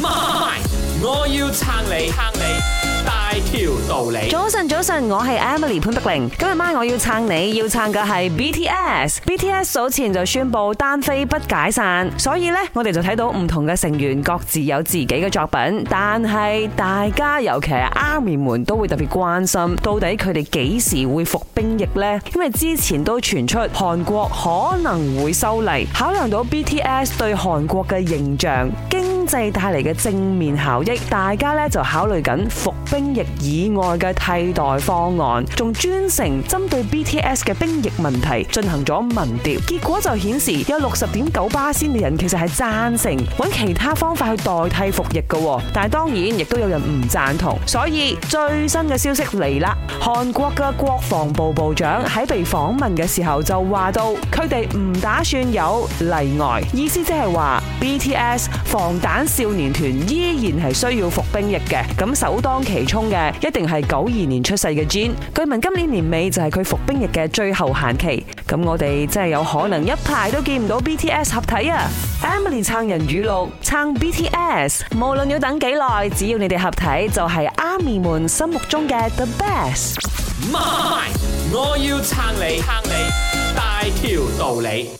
Mine, 我要撐你，撐你大條道理。早晨，早晨，我係 Emily 潘碧玲。今日晚我要撐你，要撐嘅係 BTS。BTS 早前就宣布單飛不解散，所以呢，我哋就睇到唔同嘅成員各自有自己嘅作品。但係大家，尤其係 Army 們，都會特別關心，到底佢哋幾時會服兵役呢？因為之前都傳出韓國可能會修例，考量到 BTS 對韓國嘅形象。帶嚟嘅正面效益，大家咧就考慮緊服兵役以外嘅替代方案，仲專程針對 BTS 嘅兵役問題進行咗民調，結果就顯示有六十點九八仙嘅人其實係贊成揾其他方法去代替服役嘅，但係當然亦都有人唔贊同。所以最新嘅消息嚟啦，韓國嘅國防部部長喺被訪問嘅時候就話到，佢哋唔打算有例外，意思即係話 BTS 防彈。少年團依然係需要服兵役嘅，咁首當其衝嘅一定係九二年出世嘅 Jin。據聞今年年尾就係佢服兵役嘅最後限期，咁我哋真係有可能一排都見唔到 BTS 合體啊！Emily 撐人語錄，撐 BTS，無論要等幾耐，只要你哋合體就係 ARMY 們心目中嘅 the best。唔係，我要撐你，撐你，大條道理。